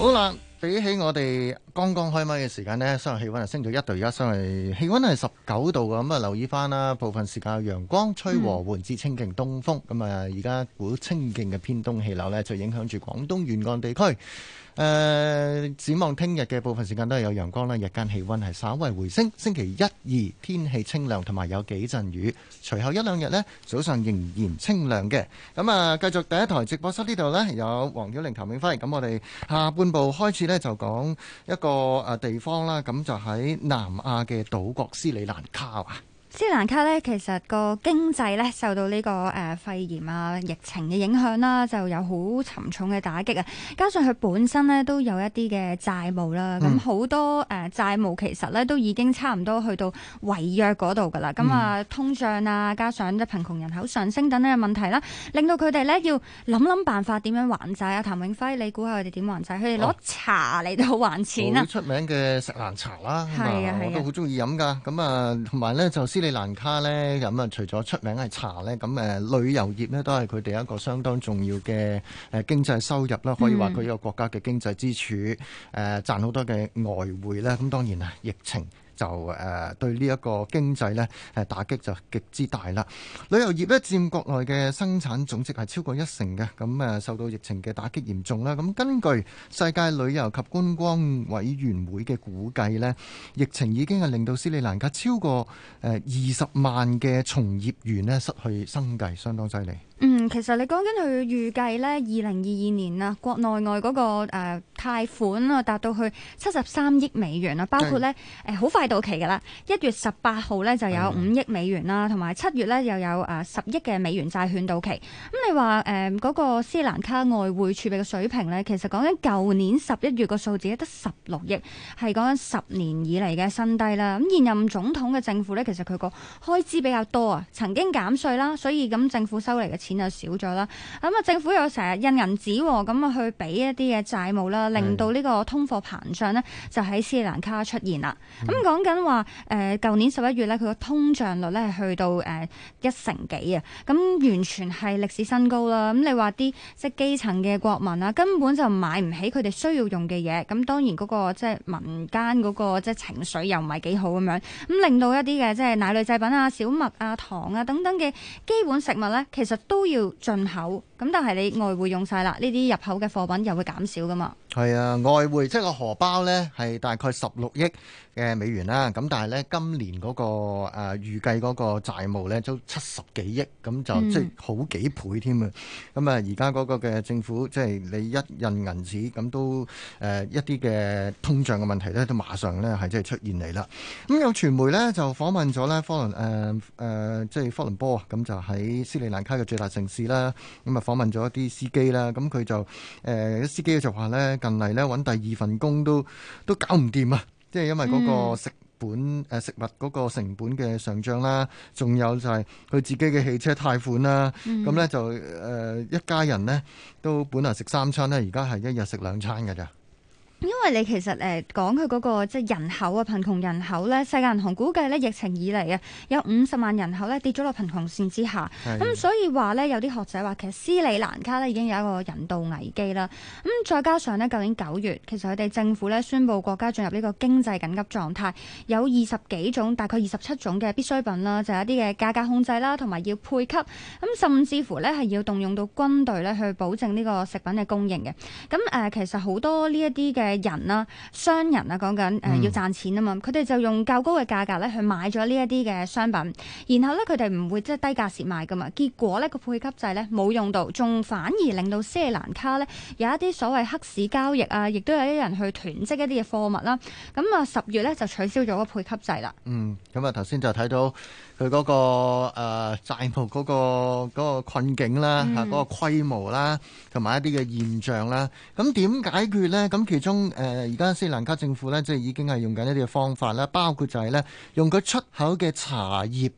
好啦，比起我哋剛剛開麥嘅時間呢，雖然氣溫係升咗一度，而家相對氣溫係十九度，咁啊留意翻啦，部分時間有陽光，吹和緩至清勁東風，咁啊而家一股清勁嘅偏東氣流呢，就影響住廣東沿岸地區。誒，展望聽日嘅部分時間都係有陽光啦，日間氣溫係稍為回升。星期一二天氣清涼，同埋有幾陣雨。隨後一兩日呢，早上仍然清涼嘅。咁啊，繼續第一台直播室呢度呢，有黃曉玲、譚詠輝。咁我哋下半部開始呢就講一個誒地方啦，咁就喺南亞嘅島國斯里蘭卡啊。斯蘭卡咧，其實個經濟咧受到呢個誒肺炎啊疫情嘅影響啦，就有好沉重嘅打擊啊！加上佢本身咧都有一啲嘅債務啦，咁好、嗯、多誒債務其實咧都已經差唔多去到違約嗰度噶啦。咁啊、嗯，通脹啊，加上啲貧窮人口上升等等嘅問題啦，令到佢哋咧要諗諗辦法點樣還債啊！譚永輝，你估下佢哋點還債？佢哋攞茶嚟到還錢啊！出名嘅錫蘭茶啦，啊啊啊、我都好中意飲噶。咁啊，同埋咧就是蘭卡咧咁啊，除咗出名係茶咧，咁誒旅遊業咧都係佢哋一個相當重要嘅誒經濟收入啦。可以話佢一個國家嘅經濟支柱誒賺好多嘅外匯啦。咁當然啊，疫情。就誒、呃、對呢一個經濟呢係打擊就極之大啦。旅遊業呢佔國內嘅生產總值係超過一成嘅，咁、嗯、誒受到疫情嘅打擊嚴重啦。咁、嗯、根據世界旅遊及觀光委員會嘅估計呢，疫情已經係令到斯里蘭卡超過誒二十萬嘅從業員呢失去生計，相當犀利。嗯，其實你講緊佢預計呢，二零二二年啊，國內外嗰、那個、呃貸款啊，達到去七十三億美元啦，包括咧誒好快到期㗎啦，一月十八號咧就有五億美元啦，同埋七月咧又有誒十億嘅美元債券到期。咁、嗯、你話誒嗰個斯里蘭卡外匯儲備嘅水平咧，其實講緊舊年十一月個數字得十六億，係講緊十年以嚟嘅新低啦。咁、嗯、現任總統嘅政府咧，其實佢個開支比較多啊，曾經減稅啦，所以咁政府收嚟嘅錢就少咗啦。咁、嗯、啊，政府又成日印銀紙喎、喔，咁啊去俾一啲嘅債務啦。令到呢個通貨膨脹咧，就喺斯里蘭卡出現啦。咁講緊話，誒、呃、舊年十一月咧，佢個通脹率咧係去到誒、呃、一成幾啊，咁、嗯、完全係歷史新高啦。咁、嗯、你話啲即係基層嘅國民啦、啊，根本就買唔起佢哋需要用嘅嘢。咁、嗯、當然嗰、那個即係民間嗰、那個即係情緒又唔係幾好咁樣，咁令到一啲嘅即係奶類製品啊、小麥啊、糖啊等等嘅基本食物咧，其實都要進口。咁但係你外匯用晒啦，呢啲入口嘅貨品又會減少㗎嘛。係啊，外匯即係個荷包呢，係大概十六億嘅美元啦。咁但係呢，今年嗰、那個誒、呃、預計嗰個債務呢，都七十幾億，咁就即係好幾倍添啊！咁啊、嗯，而家嗰個嘅政府即係你一印銀紙咁都誒、呃、一啲嘅通脹嘅問題呢，都馬上呢，係即係出現嚟啦。咁有傳媒呢，就訪問咗呢，科倫誒誒，即係科倫坡啊，咁就喺斯里蘭卡嘅最大城市啦。咁啊，訪問咗一啲司機啦，咁佢就誒、呃、司機就話呢。近嚟咧揾第二份工都都搞唔掂啊！即係因為個食本誒、嗯、食物個成本嘅上漲啦，仲有就係佢自己嘅汽車貸款啦，咁咧、嗯、就誒、呃、一家人咧都本來食三餐咧，餐而家係一日食兩餐嘅咋。因為你其實誒講佢嗰個即係人口啊貧窮人口咧，世界銀行估計咧疫情以嚟啊有五十萬人口咧跌咗落貧窮線之下，咁的、嗯、所以話咧有啲學者話其實斯里蘭卡咧已經有一個人道危機啦，咁、嗯、再加上呢，究竟九月其實佢哋政府咧宣布國家進入呢個經濟緊急狀態，有二十幾種大概二十七種嘅必需品啦，就有、是、一啲嘅價格控制啦，同埋要配給，咁、嗯、甚至乎咧係要動用到軍隊咧去保證呢個食品嘅供應嘅，咁、嗯、誒、呃、其實好多呢一啲嘅。嘅人啦、啊，商人啊，講緊誒要賺錢啊嘛，佢哋就用較高嘅價格咧去買咗呢一啲嘅商品，然後咧佢哋唔會即係低價蝕賣噶嘛，結果咧個配給制咧冇用到，仲反而令到斯里蘭卡咧有一啲所謂黑市交易啊，亦都有一人去囤積一啲嘅貨物啦、啊，咁啊十月咧就取消咗個配給制啦。嗯，咁啊我頭先就睇到。佢嗰、那個誒、呃、債務嗰、那個嗰、那個困境啦，吓嗰個規模啦，同埋一啲嘅現象啦。咁點解決咧？咁其中誒而家斯里蘭卡政府咧，即係已經係用緊一啲嘅方法啦，包括就係咧用佢出口嘅茶葉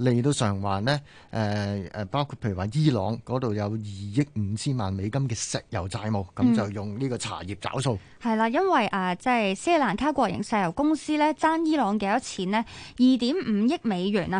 嚟到償還咧。誒、呃、誒包括譬如話伊朗嗰度有二億五千萬美金嘅石油債務，咁、嗯、就用呢個茶葉找數。係啦，因為啊即係斯里蘭卡國營石油公司咧，爭伊朗幾多錢咧？二點五億美元啊！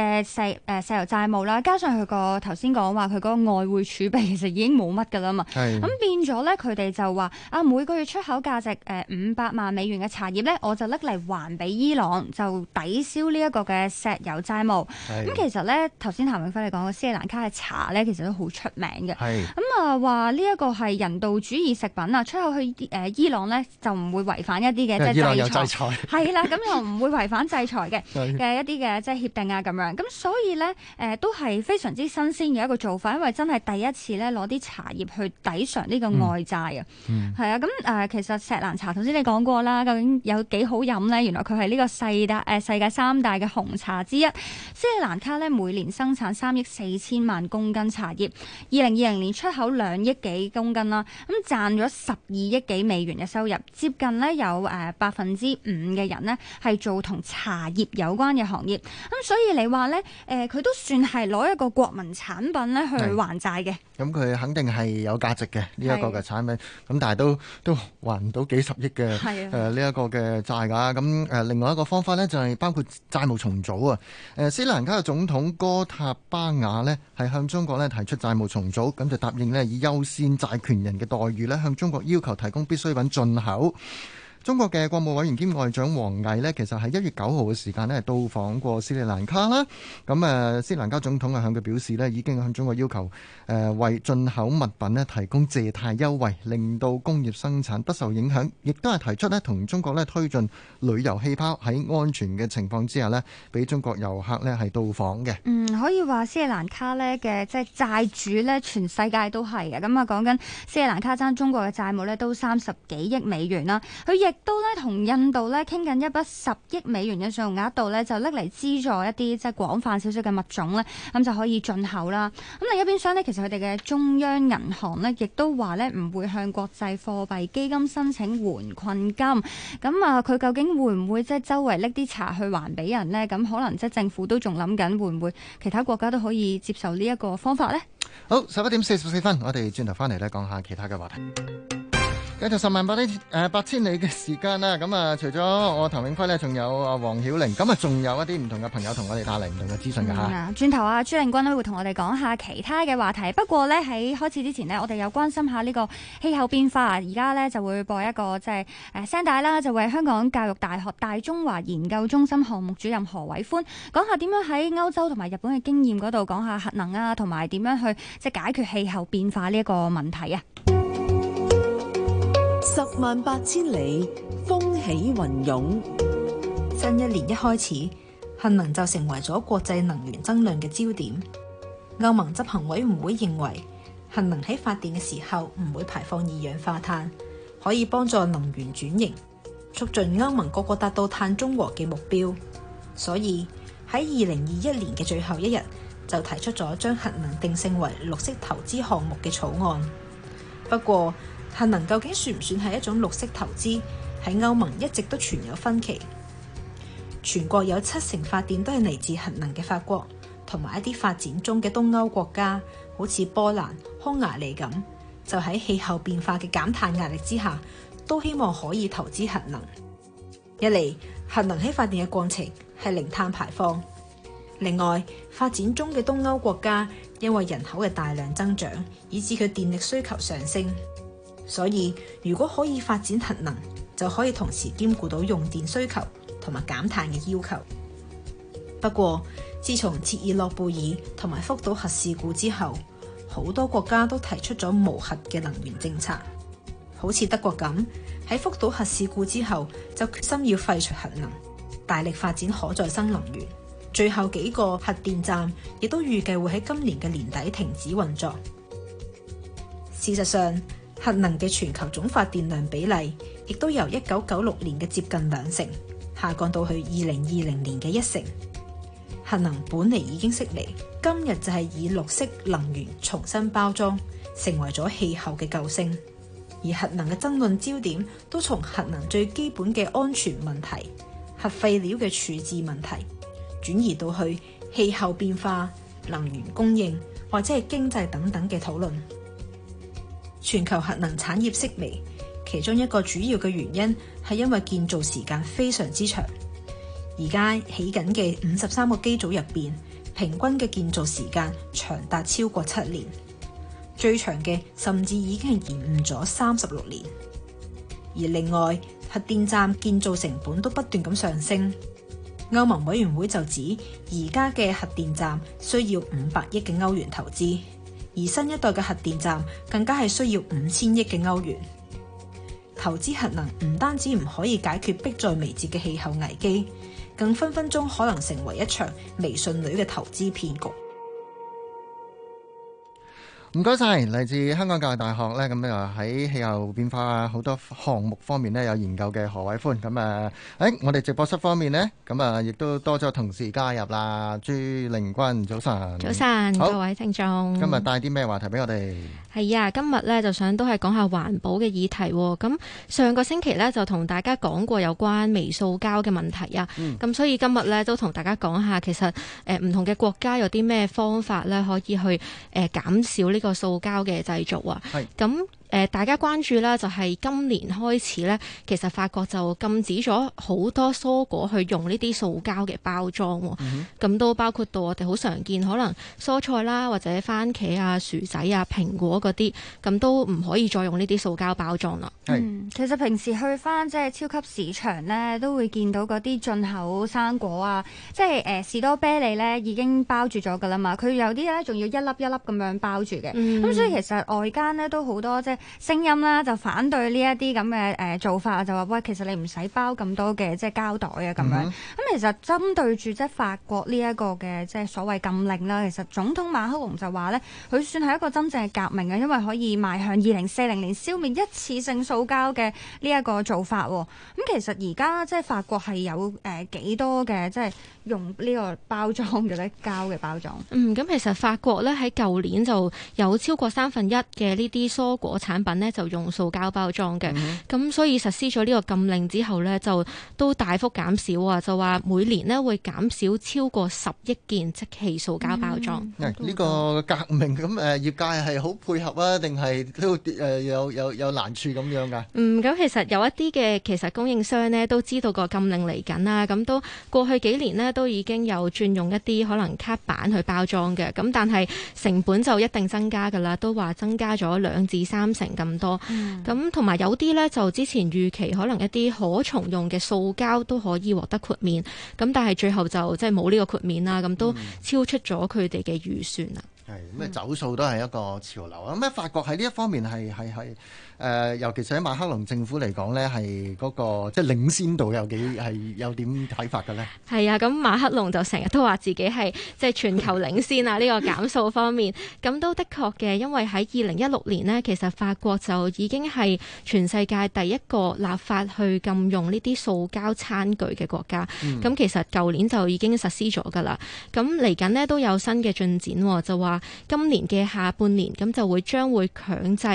嘅石誒石油債務啦，加上佢嗰個頭先講話佢嗰個外匯儲備其實已經冇乜噶啦嘛，咁是的 變咗咧佢哋就話啊每個月出口價值誒五百萬美元嘅茶葉咧，我就拎嚟還俾伊朗，就抵消呢一個嘅石油債務。咁是的 其實咧頭先譚永輝你講個斯里蘭卡嘅茶咧，其實都好出名嘅。咁啊話呢一個係人道主義食品啊，出口去誒伊朗咧就唔會違反一啲嘅的即係制裁，係啦，咁又唔會違反制裁嘅嘅一啲嘅的即係協定啊咁樣。咁所以咧，誒、呃、都係非常之新鮮嘅一個做法，因為真係第一次咧攞啲茶葉去抵償呢個外債啊。嗯。係啊，咁、呃、誒其實石蘭茶，頭先你講過啦，究竟有幾好飲咧？原來佢係呢個世界誒、呃、世界三大嘅紅茶之一。斯里蘭卡咧每年生產三億四千萬公斤茶葉，二零二零年出口兩億幾公斤啦，咁、嗯、賺咗十二億幾美元嘅收入，接近咧有誒百分之五嘅人呢係做同茶葉有關嘅行業。咁、嗯、所以你，話咧，誒，佢、呃、都算係攞一個國民產品咧去還債嘅。咁佢肯定係有價值嘅呢一,一個嘅產品，咁是但係都都還唔到幾十億嘅，誒呢一個嘅債噶。咁誒、呃，另外一個方法呢，就係、是、包括債務重組啊。誒，斯里蘭卡嘅總統哥塔巴雅呢，係向中國咧提出債務重組，咁就答應咧以優先債權人嘅待遇咧向中國要求提供必需品進口。中國嘅國務委員兼外長王毅咧，其實喺一月九號嘅時間咧，到訪過斯里蘭卡啦。咁誒，斯里蘭卡總統啊，向佢表示咧，已經向中國要求誒為進口物品咧提供借貸優惠，令到工業生產不受影響。亦都係提出咧，同中國咧推進旅遊氣泡喺安全嘅情況之下咧，俾中國遊客咧係到訪嘅。嗯，可以話斯里蘭卡咧嘅即係債主咧，全世界都係嘅。咁啊，講緊斯里蘭卡爭中國嘅債務咧，都三十幾億美元啦。佢亦亦都咧同印度咧傾緊一筆十億美元嘅信用額度咧，就拎嚟資助一啲即係廣泛少少嘅物種咧，咁就可以進口啦。咁另一邊廂呢，其實佢哋嘅中央銀行咧，亦都話咧唔會向國際貨幣基金申請援困金。咁啊，佢究竟會唔會即係周圍拎啲茶去還俾人呢？咁可能即係政府都仲諗緊會唔會其他國家都可以接受呢一個方法呢？好，十一點四十四分，我哋轉頭翻嚟咧講下其他嘅話題。繼續十萬八千里嘅時間啦，咁、嗯、啊除咗我譚永輝咧，仲有啊黃曉玲，咁啊仲有一啲唔同嘅朋友我同我哋帶嚟唔同嘅資訊嘅吓。轉頭啊朱令君咧會同我哋講下其他嘅話題，不過咧喺開始之前咧，我哋有關心下呢個氣候變化，而家咧就會播一個即係誒聲帶啦，就為、是呃、香港教育大學大中華研究中心項目主任何偉歡講下點樣喺歐洲同埋日本嘅經驗嗰度講下核能啊，同埋點樣去即係解決氣候變化呢一個問題啊。十萬八千里，風起雲湧。新一年一開始，核能就成為咗國際能源爭論嘅焦點。歐盟執行委員會認為，核能喺發電嘅時候唔會排放二氧化碳，可以幫助能源轉型，促進歐盟各國達到碳中和嘅目標。所以喺二零二一年嘅最後一日，就提出咗將核能定性為綠色投資項目嘅草案。不過，核能究竟算唔算係一種綠色投資？喺歐盟一直都存有分歧。全國有七成發電都係嚟自核能嘅法國，同埋一啲發展中嘅東歐國家，好似波蘭、匈牙利咁，就喺氣候變化嘅減碳壓力之下，都希望可以投資核能。一嚟核能喺發電嘅過程係零碳排放。另外，發展中嘅東歐國家因為人口嘅大量增長，以致佢電力需求上升。所以，如果可以發展核能，就可以同時兼顧到用電需求同埋減碳嘅要求。不過，自從切爾諾貝爾同埋福島核事故之後，好多國家都提出咗無核嘅能源政策，好似德國咁喺福島核事故之後就決心要廢除核能，大力發展可再生能源。最後幾個核電站亦都預計會喺今年嘅年底停止運作。事實上，核能嘅全球總發電量比例，亦都由一九九六年嘅接近兩成，下降到去二零二零年嘅一成。核能本嚟已經式微，今日就係以綠色能源重新包裝，成為咗氣候嘅救星。而核能嘅爭論焦點，都從核能最基本嘅安全問題、核廢料嘅處置問題，轉移到去氣候變化、能源供應或者係經濟等等嘅討論。全球核能產業式微，其中一個主要嘅原因係因為建造時間非常之長。而家起緊嘅五十三個機組入邊，平均嘅建造時間長達超過七年，最長嘅甚至已經係延誤咗三十六年。而另外，核電站建造成本都不斷咁上升。歐盟委員會就指，而家嘅核電站需要五百億嘅歐元投資。而新一代嘅核電站更加係需要五千億嘅歐元投資，核能，唔單止唔可以解決迫在眉睫嘅氣候危機，更分分鐘可能成為一場微信裏嘅投資騙局。唔該晒，嚟自香港教育大學咧，咁啊喺氣候變化好多項目方面咧有研究嘅何偉歡。咁啊，喺、哎、我哋直播室方面呢，咁啊亦都多咗同事加入啦。朱凌君，早晨，早晨，好各位聽眾，今日帶啲咩話題俾我哋？係啊，今日咧就想都係講下環保嘅議題，哦。咁上個星期咧就同大家講過有關微塑膠嘅問題啊。咁、嗯、所以今日咧都同大家講下，其實誒唔、呃、同嘅國家有啲咩方法咧可以去誒、呃、減少呢、這個？個塑膠嘅製造啊，係咁是。誒、呃，大家關注咧，就係、是、今年開始咧，其實法國就禁止咗好多蔬果去用呢啲塑膠嘅包裝、哦，咁、嗯、哼都包括到我哋好常見，可能蔬菜啦，或者番茄啊、薯仔啊、蘋果嗰啲，咁都唔可以再用呢啲塑膠包裝啦是、嗯。其實平時去翻即係超級市場咧，都會見到嗰啲進口生果啊，即係誒、呃、士多啤梨咧已經包住咗㗎啦嘛，佢有啲咧仲要一粒一粒咁樣包住嘅，咁、嗯嗯、所以其實外間咧都好多即係。聲音啦，就反對呢一啲咁嘅誒做法，就話喂，其實你唔使包咁多嘅即係膠袋啊咁、mm hmm. 樣。咁其實針對住即係法國呢一個嘅即係所謂禁令啦，其實總統馬克龍就話呢佢算係一個真正嘅革命啊，因為可以邁向二零四零年消滅一次性塑膠嘅呢一個做法。咁、嗯、其實而家即係法國係有誒幾、呃、多嘅即係用呢個包裝嘅膠嘅包裝？嗯，咁其實法國呢，喺舊年就有超過三分一嘅呢啲蔬果產品。產品咧就用塑膠包裝嘅，咁、嗯、所以實施咗呢個禁令之後咧，就都大幅減少啊。就話每年咧會減少超過十億件即棄塑膠包裝。呢個革命咁誒，業界係好配合啊，定係呢個誒有有有難處咁樣噶？嗯，咁、嗯嗯、其實有一啲嘅其實供應商咧都知道個禁令嚟緊啦，咁都過去幾年呢，都已經有轉用一啲可能卡板去包裝嘅，咁但係成本就一定增加㗎啦，都話增加咗兩至三，成咁多，咁同埋有啲呢，就之前預期可能一啲可重用嘅塑膠都可以獲得豁免，咁但係最後就即係冇呢個豁免啦，咁、嗯、都超出咗佢哋嘅預算啦。係咩走數都係一個潮流。咁咧，法國喺呢一方面係係係誒，尤其是喺馬克龍政府嚟講咧，係嗰、嗰個即係、即係、領先度有幾係有點睇法嘅呢係啊，咁馬克龍就成日都話自己係即係全球領先啊！呢、呢個減數方面，咁 都的確嘅，因為喺二零一六年呢，其實法國就已經係全世界第一個立法去禁用呢啲塑膠餐具嘅國家。咁、嗯、其實舊年就已經實施咗㗎啦。咁嚟緊呢，都有新嘅進展，就話。今年嘅下半年咁就會將會強制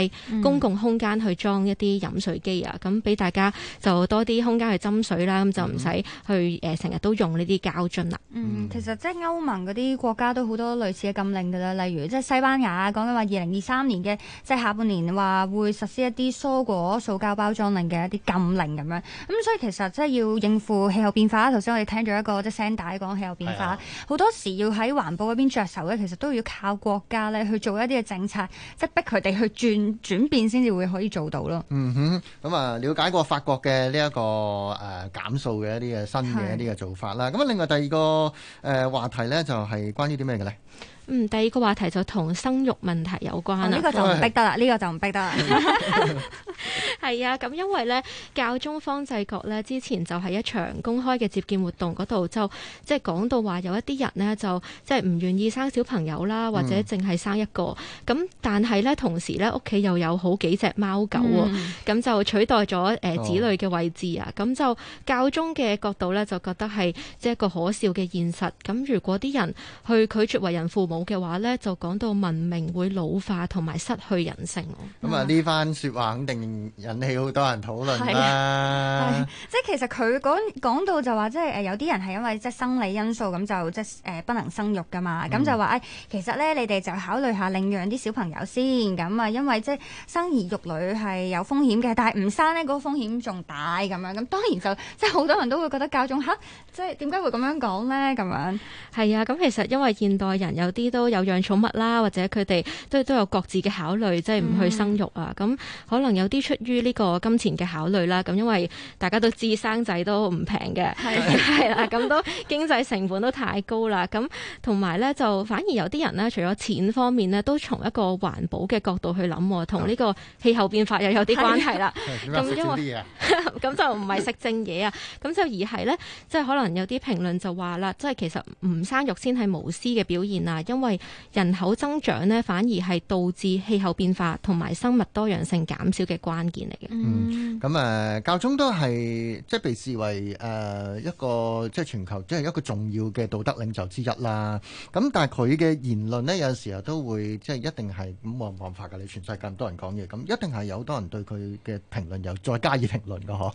公共空間去裝一啲飲水機啊，咁俾、嗯、大家就多啲空間去斟水啦，咁、嗯、就唔使去誒成日都用呢啲膠樽啦。嗯，嗯其實即係歐盟嗰啲國家都好多類似嘅禁令㗎啦，例如即係西班牙講緊話二零二三年嘅即係下半年話會實施一啲蔬果塑膠包裝令嘅一啲禁令咁樣。咁所以其實即係要應付氣候變化啦，頭先我哋聽咗一個即係聲帶講氣候變化，好的多時要喺環保嗰邊著手咧，其實都要靠。有國家咧去做一啲嘅政策，即係逼佢哋去轉轉變，先至會可以做到咯。嗯哼，咁啊，了解過法國嘅呢一個誒、呃、減塑嘅一啲嘅新嘅一啲嘅做法啦。咁啊是，另外第二個誒話題咧，就係關於啲咩嘅咧？嗯，第二個話題就同生育問題有關啦。呢、哦，這個就唔逼得啦，呢、哎、個就唔逼得啦。係 啊，咁因為咧，教宗方濟各咧之前就係一場公開嘅接見活動度，就即係講到話有一啲人咧就即係唔願意生小朋友啦，或者淨係生一個咁，嗯、但係咧，同時咧屋企又有好幾隻貓狗喎、哦、咁、嗯、就取代咗誒、呃、子女嘅位置啊。咁、哦、就教宗嘅角度咧，就覺得係即係一個可笑嘅現實，咁如果啲人去拒絕為人父母。嘅話咧，就講到文明會老化同埋失去人性。咁、嗯、啊，呢番説話肯定引起好多人討論啦。係啊，即係其實佢講講到就話，即係誒有啲人係因為即係生理因素咁就即係誒不能生育噶嘛。咁、嗯、就話誒、哎，其實咧你哋就考慮下領養啲小朋友先咁啊，因為即係生兒育女係有風險嘅，但係唔生呢嗰個風險仲大咁樣。咁當然就即係好多人都會覺得教宗嚇，即係點解會咁樣講咧？咁樣係啊。咁其實因為現代人有啲，都有養寵物啦，或者佢哋都都有各自嘅考慮，即係唔去生育啊。咁、嗯、可能有啲出於呢個金錢嘅考慮啦。咁因為大家都知生仔都唔平嘅，係啦的。咁 都經濟成本都太高啦。咁同埋咧，就反而有啲人咧，除咗錢方面咧，都從一個環保嘅角度去諗，同呢個氣候變化又有啲關係啦。咁的因為咁 就唔係食正嘢啊。咁就而係咧，即係可能有啲評論就話啦，即係其實唔生育先係無私嘅表現啊。因為人口增長呢，反而係導致氣候變化同埋生物多樣性減少嘅關鍵嚟嘅。嗯，咁誒教宗都係即係被視為誒、呃、一個即係全球即係、就是、一個重要嘅道德領袖之一啦。咁但係佢嘅言論呢，有時候都會即係一定係咁冇辦法㗎。你全世界咁多人講嘢，咁一定係有好多人對佢嘅評論又再加以評論㗎。嗬、嗯啊。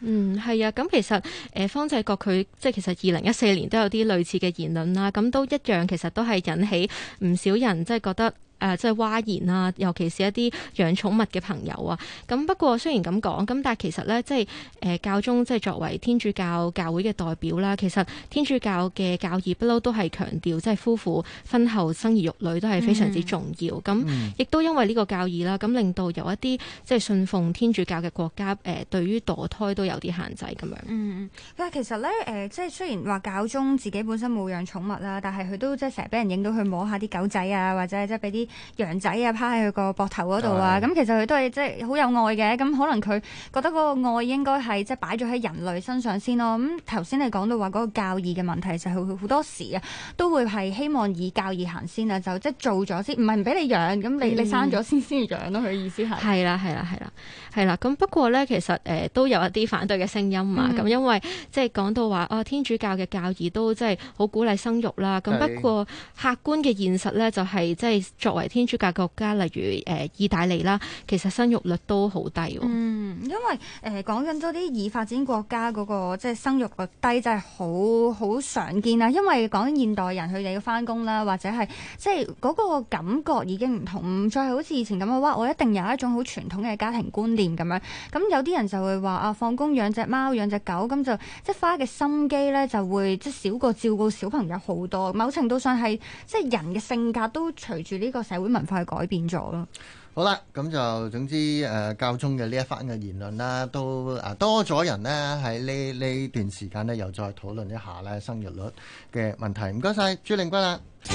嗯，係啊。咁、嗯、其實誒、呃、方濟各佢即係其實二零一四年都有啲類似嘅言論啦。咁都一樣，其實都係人。引起唔少人真係覺得。誒、呃、即係嘩然啊，尤其是一啲養寵物嘅朋友啊。咁、嗯、不過雖然咁講，咁但係其實咧，即係誒、呃、教宗即係作為天主教教會嘅代表啦，其實天主教嘅教義不嬲都係強調即係夫婦婚後生兒育女都係非常之重要。咁亦都因為呢個教義啦，咁令到有一啲即係信奉天主教嘅國家誒、呃，對於墮胎都有啲限制咁樣。嗯嗯，其實咧誒、呃，即係雖然話教宗自己本身冇養寵物啦，但係佢都即係成日俾人影到佢摸下啲狗仔啊，或者即係俾啲。羊仔啊，趴喺佢個膊頭嗰度啊，咁其實佢都係即係好有愛嘅，咁可能佢覺得嗰個愛應該係即係擺咗喺人類身上先咯。咁頭先你講到話嗰個教義嘅問題，就係好多時啊，都會係希望以教義行先啊，就即係做咗先，唔係唔俾你養，咁你、嗯、你生咗先先養咯。佢意思係？係啦，係啦，係啦，係啦。咁不過咧，其實誒、呃、都有一啲反對嘅聲音嘛。咁、嗯、因為即係講到話啊、哦，天主教嘅教義都即係好鼓勵生育啦。咁的不過客觀嘅現實咧、就是，就係即係為天主教國家，例如誒意大利啦，其實生育率都好低。嗯，因為誒講緊咗啲已發展國家嗰、那個即係、就是、生育率低，真係好好常見啦。因為講緊現代人，佢哋要返工啦，或者係即係嗰個感覺已經唔同，再好似以前咁嘅話，我一定有一種好傳統嘅家庭觀念咁樣。咁有啲人就會話啊，放工養隻貓、養隻狗，咁就即係、就是、花嘅心機咧，就會即係、就是、少過照顧小朋友好多。某程度上係即係人嘅性格都隨住呢個。社會文化改變咗咯。好啦，咁就總之誒、呃，教宗嘅呢一番嘅言論啦，都啊多咗人呢，喺呢呢段時間呢，又再討論一下呢生育率嘅問題。唔該晒，朱令君啦。